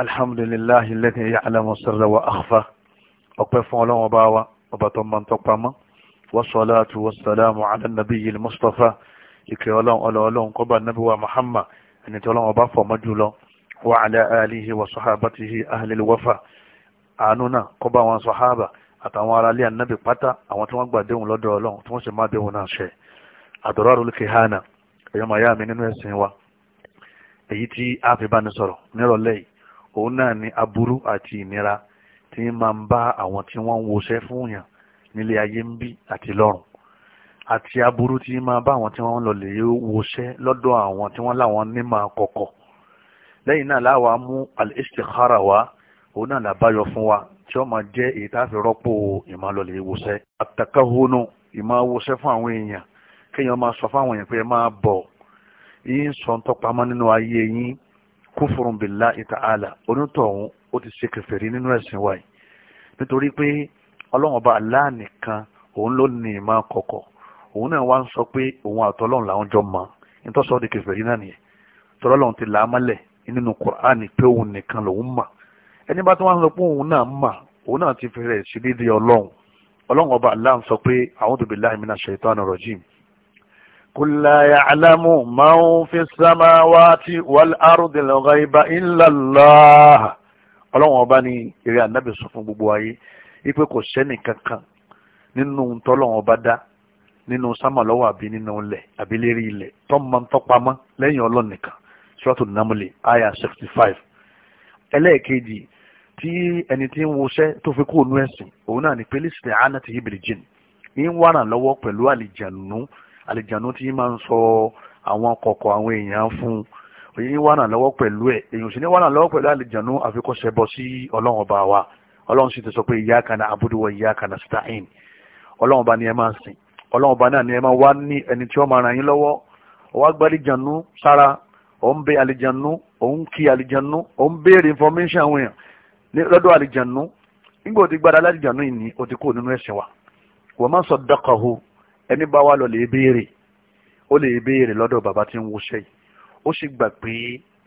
alhamdulilahi lẹ́tí ya'lamu sirra wa akhfa ọpẹ́ fún ọlọ́wọ́ bá wa ọba tó máa ń tọpa mọ́ wasalaatu wasalaamu ala nabiyyi mustapha ìkẹ́ ọlọ́run ọlọ́run kọ́ba nabi wa muhammad ẹni tí ọlọ́run ọba fọmọ́ jùlọ wa ala alihi wa sahabatihi ahlil wafa àánú náà kọ́ba wọn sahaba àtàwọn ará ilé ànábì pátá àwọn tí wọ́n gbà déhùn a fi bá ní sọ̀rọ̀ nírọ̀lẹ́ òun náà ni aburú àti ìnira tí máa ń bá àwọn tí wọ́n ń woṣẹ́ fún yàn nílé ayé ń bí àti lọ́run àti aburú tí máa bá àwọn tí wọ́n ń lọ lè woṣẹ́ lọ́dọ̀ àwọn tí wọ́n láwọn nímọ̀ kọ̀kọ̀ lẹ́yìn náà láwa mú al-istikhara wa òun náà làbáyọ fún wa tí ó máa jẹ́ èyí tá a fi rọ́pò ìmọ̀lọ́lẹ̀ ìwòsẹ́. àtàkàhónú ìmọ̀wòsẹ́ fún àwọn èèyàn kéèyàn máa sọ fún àwọn èèyàn pé ẹ máa bọ̀ yín sọ ń tọpamọ́ nínú ayé yín kúfùrùn billahi ta'ala onítọ̀hún ó ti ṣe kèfèrí nínú ẹ̀sìn wáyé nítorí pé ọlọ́run ọba Allah nìkan òun ló ní ìmọ̀ kọ̀kọ̀ òun náà wá ń sọ pé òun àtọ́lọ́run làwọn jọ mọ̀ nítòsọ́ di kèfèrí náà nìyẹn tọ́lọ́run ti là á mọ́lẹ̀ nínú Qur'an pé òun nìkan lòun mọ̀ ẹni bá tó wá ń sọ pé òun náà mọ̀ òun náà ti fẹ́rẹ̀ sí dídí ọlọ́run ọlọ́run ọba Allah sọ pé a'udhu billahi minash shaitani rajim قل لا يعلم من في السماوات والأرض الغيب إلا الله ọlọ́run ọba ní eré anábì sọ fún gbogbo ayé wípé kò sẹ́nì kankan nínú tọ́lọ́run ọba dá nínú sámà lọ́wọ́ àbí nínú ilẹ̀ àbí lérí ilẹ̀ tọ́mọ tọ́pamọ́ lẹ́yìn ọlọ́run nìkan ṣọ́ọ̀tù nàmúlẹ̀ àyà sixty five ẹlẹ́ẹ̀kejì tí ẹni tí ń woṣẹ́ tó fi kó onú ẹ̀sìn òun náà ní pélísìtì àánà ti hibiri ń wà ràn lọ́wọ́ pẹ̀lú àlìjànú àlìjànú tí máa ń sọ àwọn kọ̀kọ̀ àwọn èèyàn fún òye ní wàhánà lọ́wọ́ pẹ̀lú ẹ̀ èèyàn sì ní wàhánà lọ́wọ́ pẹ̀lú àlìjànú àfikún ṣẹbọ sí ọlọ́run ọba wa ọlọ́run sì ti sọ pé iyyaka na'budu wa iyyaka nasta'in ọlọ́run ọba ni ẹ máa sìn ọlọ́run ọba náà ni ẹ máa wá ní ẹni tí ó máa ràn yín lọ́wọ́ ọwọ́ gba àlìjànú sára ò bẹ àlìjànú ò kí àlìjànú ò béèrè information àwọn èèyàn lọ́dọ̀ àlìjànú nígbà ó ti gbára àlìjànú yìí ni ó ti kó ẹni bá wà lọ lè béèrè ó lè béèrè lọ́dọ̀ bàbá tí ń wọṣẹ́ yìí ó sì gbà pé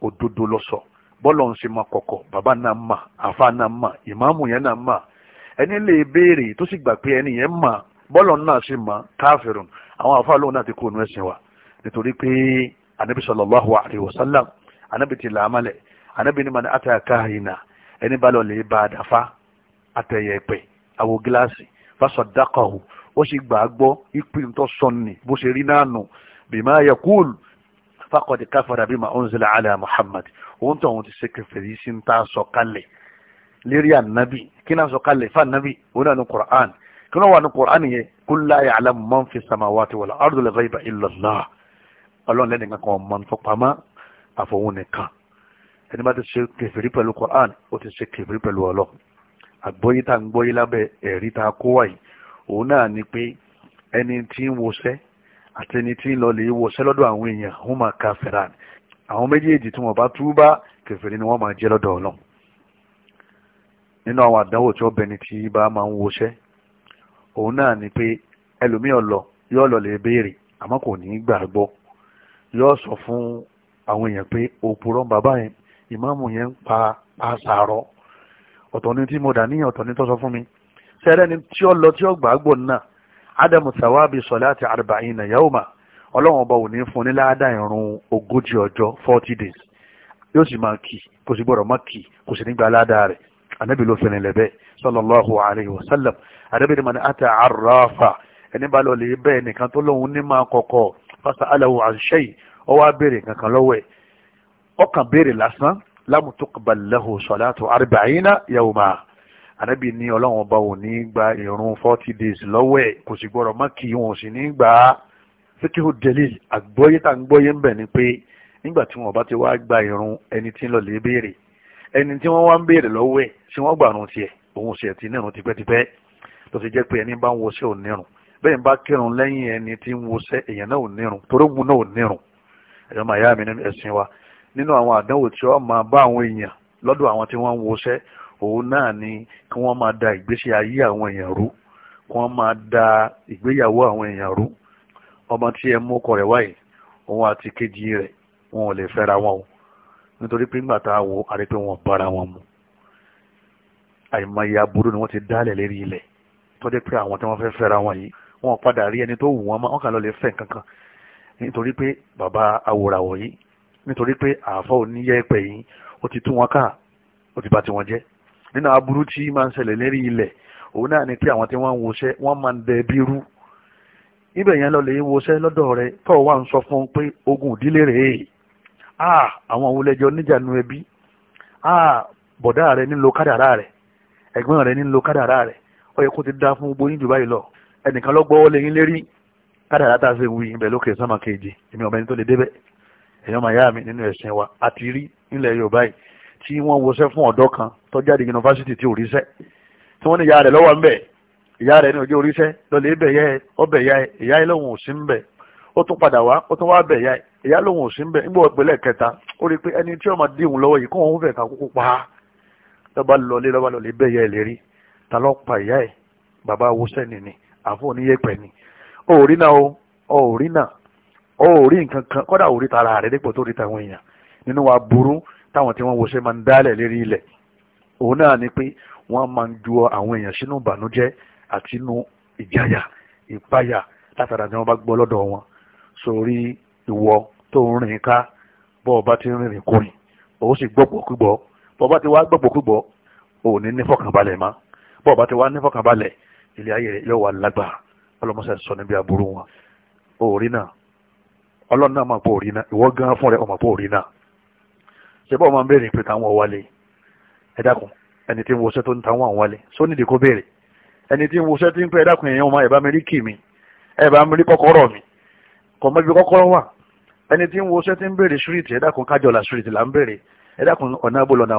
òdodo ló sọ bọ́lọ̀ ń ṣe máa kọ̀kọ̀ bàbá náà mà àfa náà mà ìmáàmù yẹn náà mà ẹni lè béèrè tó sì gbà pé ẹni yẹn mà bọ́lọ̀ náà sì mà káfírùn àwọn àfa lóun náà ti kó inú ẹ̀sìn wa nítorí pé anabi sallallahu alayhi wa sallam anabi ti làámàlẹ̀ anabi ni mani ata kahina ẹni bá lọ lè bá a àtẹ̀yẹ̀pẹ̀ àwọ̀ gíláàsì fásọ̀ dákọ̀hù ó sì gbà á gbọ́ ipe ń tọ́ sọnù ni bó ṣe rí náà nù bima yaqul faqad kafara bima unzila ala muhammad òun tó àwọn ti ṣe kèfèrí sí ń tà sọ kalẹ̀ lérí ànábì kí náà sọ kalẹ̀ fún ànábì òun náà ní qur'an kí wọ́n wà ní qur'an yẹn kul la ya'lamu man fi samawati wal ardi al ghaiba illa allah ọlọ́run lẹ́nu kan mọ̀ ń fọpamọ́ àfọwọ́n nìkan ẹni bá ti ṣe kèfèrí pẹ̀lú qur'an ó ti ṣe kèfèrí pẹ̀lú ọlọ́ àgbọ́yé tá ń gbọ́yé lábẹ́ ẹ̀rí tá kó wáyìí òun náà ni pé ẹni tí ń wọṣẹ́ àti ẹni tí ń lọ lè wọṣẹ́ lọ́dọ̀ àwọn èèyàn huma kafiran àwọn méjèèjì tí wọ́n bá túbá kèfèrí ni wọ́n máa jẹ́ lọ́dọ̀ ọlọ́run nínú àwọn àdánwò tí ọbẹ̀ tí bá máa ń wọṣẹ́ òun náà lọ béèrè sọ fún àwọn èèyàn pé bàbá yẹn ìmáàmù yẹn ń pa ni tí mo dà níyàn ọ̀tọ̀ fún mi sẹ́rẹ́ni tí ó lọ tí ó gbàgbọ́ náà ádámù sàwábì sọ̀láàtì arba'ina yawma ọlọ́run ọba ò ní fún ní láàdá ìrun ogójì ọjọ́ forty days yóò sì máa kì kò sì gbọ́dọ̀ má kì kò sì nígbà láàdá rẹ̀ anabi ló fẹ́ràn lẹ́bẹ̀ sallallahu alayhi wa sallam anabi ni mani ata arrafa ẹni bá lọ lè bẹ́ẹ̀ nìkan tó lóun ní máa kọ̀kọ̀ fasa alahu anṣẹ́yì ó wá béèrè kankan lọ́wọ́ ẹ̀ ọkàn béèrè lásán lam tuqbal lahu salatu arba'ina yawma ànábì ní ọlọ́run ọba ò ní gba ìrun forty days lọ́wọ́ ẹ̀ kò sì gbọ́dọ̀ má kì í wọn ò sì ní gbà á fíkìhù delil àgbọ́yé tá à ń gbọ́yé ń bẹ̀ ni pé nígbà tí wọn ọba ti wá gba ìrun ẹni tí ń lọ lè béèrè ẹni tí wọ́n wá ń béèrè lọ́wọ́ ẹ̀ tí wọ́n gbàrún tiẹ̀ òun sì ti nírun tipẹ́tipẹ́ tó ti jẹ́ pé ẹni bá ń wọṣẹ́ ò nírun bẹ́ẹ̀ bá kírun lẹ́yìn ẹni tí ń wọṣẹ́ èèyàn náà ò nírun torógun náà ò nírun ẹ̀yọ́ màá yá mi ẹ̀sìn wa nínú àwọn àdánwò tí wọ́n máa bá àwọn èèyàn lọ́dọ̀ àwọn tí wọ́n ń wọṣẹ́ òun náà ni kí wọ́n máa da ìgbésí ayé àwọn èèyàn rú kí wọ́n máa da ìgbéyàwó àwọn èèyàn rú ọmọ tí ẹ mú ọkọ rẹ̀ wáyé òun àti kejì rẹ̀ wọn ò lè fẹ́ra wọn o nítorí pé nígbà tá a wo àrí pé wọn bára wọn mu àìmọye aburú ni wọ́n ti dálẹ̀ lérí ilẹ̀ tó dé pé àwọn tí wọ́n fẹ́ fẹ́ra wọn yìí wọn padà rí ẹni tó wù wọn mọ́ wọn kàn lọ lè fẹ́ kankan nítorí pé bàbá awòràwọ̀ yìí nítorí pé àáfọ̀ oníyẹ́ yìí ó ti tú wọn ká ó ti bà tiwọn jẹ́ nínú aburú tí máa ń ṣẹlẹ̀ lérí ilẹ̀ òun náà ni pé àwọn tí wọ́n ń woṣẹ́ wọ́n máa ń dẹ bí rú ibẹ̀ yẹn lọ lè ń woṣẹ́ lọ́dọ̀ rẹ tó wà ń sọ fún un pé ogun ìdílé rèé ah àwọn òun lẹjọ níjànú ẹbí ah bọ̀dá rẹ nílò kádàrá rẹ ẹ̀gbọ́n rẹ nílò kádàrá rẹ ó yẹ kó ti dá fún gbóyún jù báyìí lọ ẹnìkan lọ gbọ́wọ́ lẹ́yìn lérí kádàrá tá a ṣe wí ibẹ̀ lókè sọ́mà kejì èmi ọ̀bẹni tó lè débẹ̀ èèyàn máa yá mi nínú ẹ̀sìn wa àti nílẹ̀ Yorùbá yìí tí wọ́n wọṣẹ́ fún ọ̀dọ́ kan tó jáde yunifásitì tí ò ríṣẹ́ tí wọ́n ní ìyá rẹ̀ lọ́wọ́ ń bẹ̀ ìyá rẹ̀ ní ojú oríṣẹ́ lọ́lẹ̀ ibẹ̀ yẹ ọbẹ̀ yá ẹ ìyá ẹ lòun ò sí ń bẹ̀ ó tún padà wá ó tún wá bẹ̀ yá ẹ ìyá lòun ò sí ń bẹ̀ nígbà ìpínlẹ̀ kẹta ó rí i pé ẹni tí ó máa díhùn lọ́wọ́ yìí kó wọn fẹ̀ ká kúkú pa á lọ́ba lọlé lọ́ba lọlé bẹ̀ kọ́dà ó tara rẹ̀ dípò tó rí tàwọn èèyàn nínú wa burú táwọn tí wọ́n wo ṣe máa ń dálẹ̀ lérí ilẹ̀ òun náà ni pé wọ́n máa ń ju àwọn èèyàn sínú ìbànújẹ́ àti inú ìjáyà ìpáyà látara tí wọ́n bá gbọ́ lọ́dọ̀ wọn sórí ìwọ tó ń rìn ká bọ́ ọba ti ń rìn kùnrin òun sì gbọ́pọ̀ kúgbọ́ bọ́ ọba ti wá gbọ́pọ̀ kúgbọ́ òun ní nífọ̀kànbalẹ̀ má bọ́ ọba ti wá nífọ̀kànbalẹ̀ ilé ayé rẹ̀ yóò wà lágbàá ọlọ́mọṣẹ́ sọ níbi aburú wọn òòrí ọlọ́run náà máa pọ̀ òòrí náà fún rẹ̀ ọmọ pọ̀ òòrí náà ṣe bọ́ ọmọ béèrè pé táwọn wálé ẹ dákun ẹni tí ń wọṣẹ́ tó ń táwọn wálé só nídìí kó béèrè ẹni tí ń wọṣẹ́ tí ń pẹ́ ẹ dákun èèyàn ọmọ ẹ bá mi rí kì mí ẹ bá mi rí kọ́kọ́rọ́ mi kọ́ mọ́ ibi kọ́kọ́rọ́ wà ẹni tí ń wọṣẹ́ tí ń béèrè ṣúrìtì ẹ dákun kájọlà ṣúrìtì là ń béèrè ẹ dákun ọ̀nà àbọ̀lọ̀nà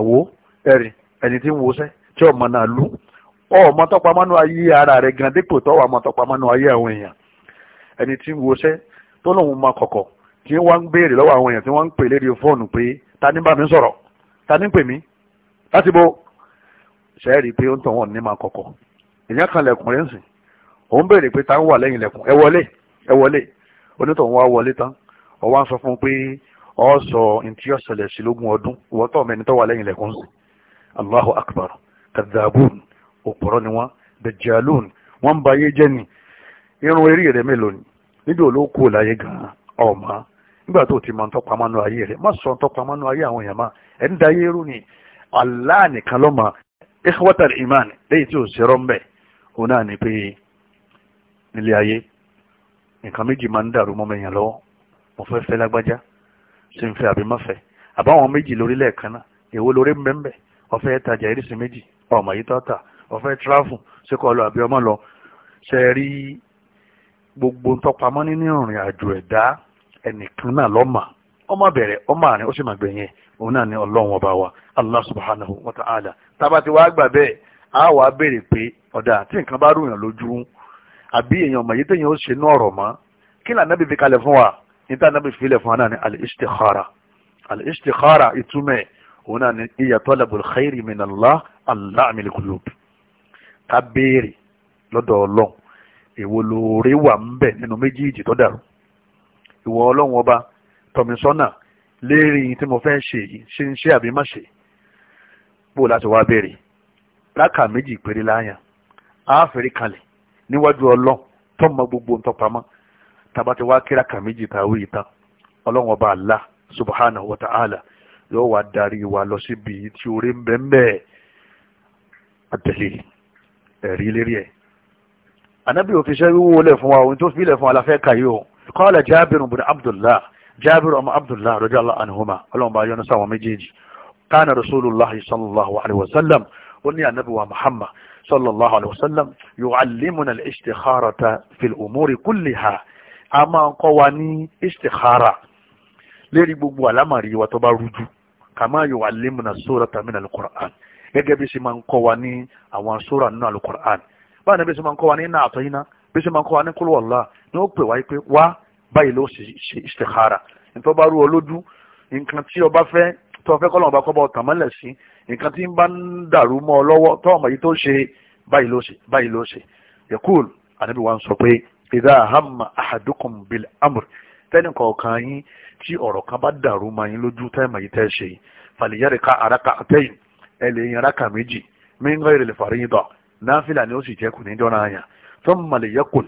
tí wọ́n ń béèrè lọ́wọ́ àwọn èèyàn tí wọ́n ń pè lérí fóònù pé ta ní bá mi sọ̀rọ̀ ta ní pè mí láti bo sẹ́ẹ̀rì pé ó ń tàn wọ́n ní máa kọ̀kọ̀ èèyàn kan lẹ̀kùn rẹ̀ ń sìn òun béèrè pé ta ń wà lẹ́yìn lẹ̀kùn ẹ wọlé ẹ wọlé onítọ̀hún wa wọlé tán ọ wá ń sọ fún un pé ọ sọ ntí ọ̀sẹ̀lẹ̀ sí lógún ọdún ìwọ tó ọmọ tó wà lẹ́yìn lẹ́kùn sí allahu akbar kadabun òpòrọ́ ni wọ́n dajalun wọ́n ń ba ayé jẹ́ ni irun eré rẹ̀ mélòó ni níbi olóko láyé gan-an ọ̀ma nígbà tó ti mọ ń tọpa mọ́nú ayé rẹ̀ má sọ ń tọpa mọ́nú ayé àwọn èèyàn máa ẹ̀ ń da ni Allah nìkan ló mọ̀ ikhwatal iman léyìí tí ò ṣe rọ́ńbẹ̀ òun náà ni pé nílé ayé nǹkan méjì máa ń dàrú mọ́mọ èèyàn lọ́wọ́ mo fẹ́ fẹ́ lágbájá ṣe ń fẹ́ àbí má fẹ́ àbáwọn méjì lórílẹ̀ kan náà èwo lórí mbẹ́mbẹ́ ọ̀fẹ́ tajà irísí méjì ọmọ yìí tọ́ta ọ̀fẹ́ tíráfù ṣé kọ́ àbí ọmọ lọ ṣe rí gbogbo tọpamọ́ nínú ìrìn àjò ẹ̀dá ẹnìkan náà lọ́mà ọmọ bẹ̀rẹ̀ ọmọ àárín ó sì máa gbẹ̀yìn òun náà ni ọlọ́run ọba wa allah subhanahu wa ta'ala tába ti wá gbà bẹ́ẹ̀ á wà á béèrè pé ọ̀dà tí nǹkan bá rúyàn lójú àbí èèyàn mọ̀ yìí téèyàn ó ṣe inú ọ̀rọ̀ mọ́ kí ni ànábì fi kalẹ̀ fún wa ní tí ànábì fi lẹ̀ fún wa náà ni al-istikhara ìtumẹ̀ òun náà ni iya talabul khairi min allah allah amil qulub ká béèrè lọ́dọ̀ ọlọ́run èwo lóore wà ń bẹ̀ nínú méjì ìjì tó dàrú ìwọ ọlọ́run ọba tọ̀mísọ́nà léèrè tí mo fẹ́ ṣe yìí ṣe ń ṣe àbí má ṣe bó láti wá béèrè rákà méjì péré láàyàn á fèrè kalẹ̀ níwájú ọlọ́run tó mọ gbogbo ń tọpamọ́ tàbá ti wá kí rákà méjì tàwé yìí ọlọ́run ọba Allah subhanahu wa ta'ala yóò wá darí wa lọ síbi tí orí ń bẹ ń bẹ àtẹ̀lé ẹ̀rí lérí ẹ̀ anábì òfin ṣẹ́ wíwó lẹ̀ fún wa ohun tó fi lẹ̀ fún wa la fẹ́ kàyé o qala jábìrù bin abdullah jábìrù ọmọ abdullah radiyallahu anhuma ọlọ́run bá yọ́nú sáwọn méjèèjì kana rasulullah sallallahu alaihi wasallam ó ní ànábì wa muhammad sallallahu alaihi wasallam yu'allimuna al-istikharata fil umuri kulliha a máa ń kọ́ wa ní istikhara lérí gbogbo àlámàrí wa tó bá rújú kama yu'allimuna surata min al-qur'an gẹ́gẹ́ bí sì máa ń kọ́ wa ní àwọn sóra nínú al-qur'an báyìí bí sì máa ń kọ́ wa ní iná àtọ́yìnà bí sì máa ń kọ́ wa ní kúlúwàlá ni ó pè wáyé pé wá báyìí ló ṣe istikhara nítorí bá rú ọ lójú nǹkan tí ọba fẹ́ tó fẹ́ kọ́lọ́mù bá kọ́bọ̀ tàn mọ́lẹ̀ sí nǹkan tí ń bá ń dàrú mọ́ ọ lọ́wọ́ tó ọmọ yìí tó ṣe báyìí ló ṣe báyìí ló ṣe yakul anabi wa ń sọ pé idha hamma ahadukum bil amr tẹ́nì kọ̀ọ̀kan yín tí ọ̀rọ̀ kan bá dàrú mọ́ yín lójú tẹ́ẹ̀mà yìí tẹ́ ṣe fàlìyàrìká àràkà àtẹ́yìn ẹ lè yan àràkà méjì min ghayri al-fariida náfìlà ni ó sì jẹ́kù níjọ́ náà yàn thumma liyakun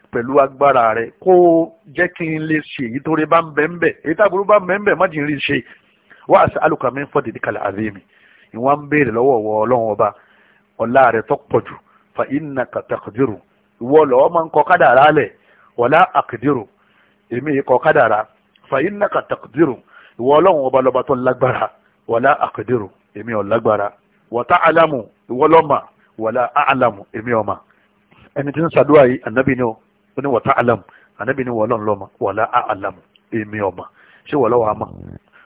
pẹ̀lú agbára rẹ kó jẹ́ kí n lè ṣe èyí tó rẹ bá ń bẹ̀ ń bẹ̀ èyí táàbùrú bá ń bẹ̀ ń bẹ̀ má jìn rí ṣe wá àṣà alùkàmí fọ́dìdì kalẹ̀ àzẹ́mi ìwọ́n ń béèrè lọ́wọ́ wọ ọlọ́run ọba ọlá rẹ tó pọ̀ jù fa iná kàtàkùdìrù ìwọ lọ́wọ́ máa ń kọ kádàrá lẹ̀ wọlá àkùdìrù èmi kọ kádàrá fa iná kàtàkùdìrù ìwọ ọlọ́run ọba lọ́ba tó lágbára wọlá àkùdìrù èmi ò lágbára wọ́tá àlámù ìwọ lọ́mà wọlá àlámù èmi ọ̀mà ẹni tí ń ṣàdúrà yìí ànábì ni ó ó ní wọ́tá alamu ànábì ní wọ́lọ́n lọ́mọ wọ́lá alamu èmi ọ̀mà ṣé wọ́lọ́ wàá mọ̀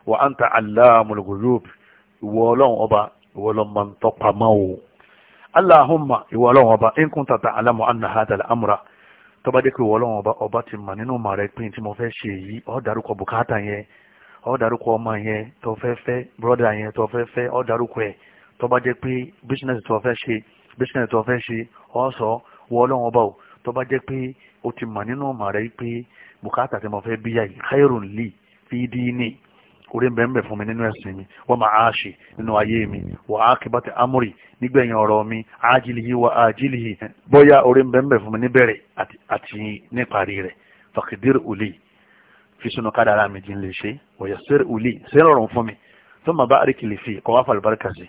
wà á ń ta alamul ghuyub ìwọ ọlọ́run ọba ìwọ ọlọ́run máa ń tọ́pa mọ́ o allahumma ìwọ ọlọ́run ọba in kunta ta'lamu anna hadha al-amra tó bá dé pé ìwọ ọlọ́run ọba ọba ti mà nínú màrà ìpín tí mo fẹ́ ṣe yìí ó dárúkọ bùkátà yẹn ó dárúkọ ọmọ yẹn tó fẹ́ fẹ́ brọ́dà yẹn tó fẹ́ fẹ́ ó dárúkọ ẹ̀ tó bá dé pé bísínẹ́sì tó fẹ́ ṣe bísínẹ́sì tó fẹ́ ṣe ó sọ ìwọ ọlọ́run ọba o tó bá jẹ́ pé o ti mọ̀ nínú ọmọ rẹ pé bùkátà tí mo fẹ́ bíyà yìí khairun li fi dini orí bẹ́ẹ̀ fún mi nínú ẹ̀sìn mi wa ma'ashi nínú ayé mi wa akibati amúrì nígbẹ̀yìn ọ̀rọ̀ mi ajilihi wa ajilihi bóyá orí bẹ́ẹ̀ fún mi níbẹ̀rẹ̀ àti níparí rẹ̀ fàkìdír uli fi sunu kádàrá mi jí lè ṣe wọ̀yà sẹ́r uli sẹ́r ọ̀rùn fún mi tó ma bá àríkì fi kọ́ wá fàlùbáríkà sí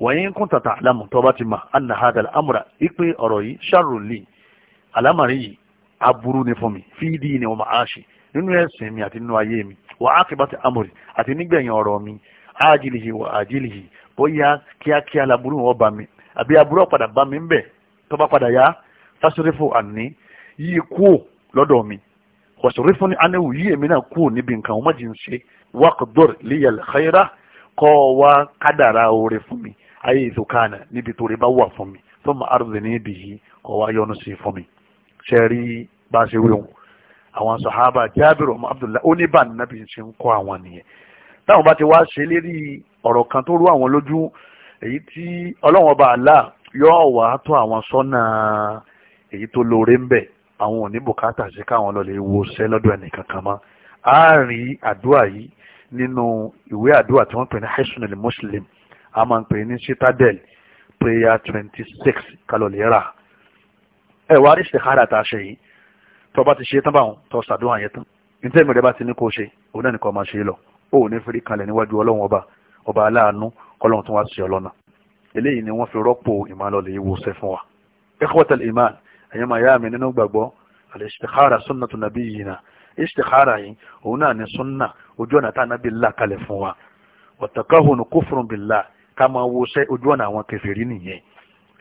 wọ̀nyí kún tàtà àlámù tó bá ti ma anna hadal amúra ipe ọ̀rọ̀ yìí sharru li àlámàrí yìí aburú ni fún mi fídí ni wọ́n máa ṣe nínú ẹ̀sìn mi àti nínú ayé mi wà á kí bá ti amòrì àti nígbẹ̀yìn ọ̀rọ̀ mi ájìlì yìí wà bóyá kíákíá laburú wọn bá mi àbí aburú ọ̀padà bá mi ń bẹ̀ padà yá fásitìfò àní yí kú lọ́dọ̀ mi wàsùrí ni anéwù yí èmi náà kú níbi nǹkan ọmọ jì ń ṣe wákòdòr líyàl xayira kọ́ wa kádàrá oore fún mi ayé ìtòkánà níbi tó bá wà fún mi fún mi àrùn ṣe rí bá a ṣe wí òun àwọn sàhábà jábìrì ọmọ abdullahi ó ní bá nàbì ṣe ń kọ́ àwọn nìyẹn táwọn bá ti wá ṣe lérí ọ̀rọ̀ kan tó rú àwọn lójú èyí tí ọlọ́wọ́n bá àlá yóò wá tó àwọn sọ́nà èyí tó lóore ń bẹ̀ àwọn ò ní bùkátà sí káwọn lọ wo ṣẹ́ lọ́dọ̀ ẹnìkan kan mọ́ a àdúrà yìí nínú ìwé àdúrà tí wọ́n pè ní haisunil muslim a máa ń pè ní citadel prayer twenty six kalọ̀lẹ́ra ẹ̀wà rí istikhara tá a ṣe yìí tó bá ti ṣe tán báwọn tó ṣàdúrà yẹn tán níta ìmọ̀ rẹ bá ti ní kó ṣe òun náà nìkan máa ṣe lọ ó ní fèrè kalẹ̀ níwájú ọlọ́run ọba ọba aláàánú ọlọ́run tó wá sí ọlọ́nà eléyìí ni wọ́n fi rọ́pò ìmọ̀lọ́lẹ̀ ìwòsẹ̀ fún wa ikhwatal iman ẹ̀yẹ́ máa yá mi nínú gbàgbọ́ al-istikhara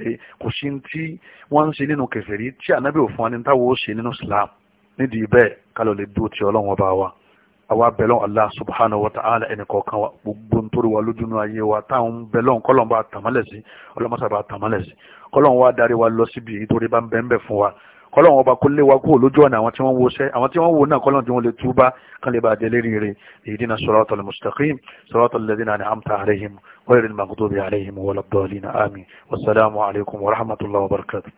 pé kò sí tí wọ́n ń ṣe nínú kèfèrí tí ànábì òfin ni táwọn ó ṣe nínú islam nídìí bẹ́ẹ̀ kálọ̀ lè dúró ti ọlọ́run ọba wa àwa bẹ̀lọ́n allah subhanahu wa ta'ala ẹnì kọ̀ọ̀kan wa gbogbo ń torí wa lójú nu ayé wa táwọn bẹ̀lọ́n kọ́lọ́n bá tàmálẹ̀ sí ọlọ́mọṣà tàmálẹ̀ sí kọ́lọ́n wa darí wa lọ síbi èyí torí bá ń bẹ́ẹ̀ fún wa kọ́lọ́run ọba kó lé wa kúrò lójú ọ̀nà àwọn tí wọ́n wo sẹ́ àwọn tí wọ́n wo náà kọ́lọ́run tí wọ́n lè túbá kan lè bá dé lérí rẹ̀ ihdina siratal mustaqim siratal ladhina an'amta alaihim ghayril maghdubi alaihim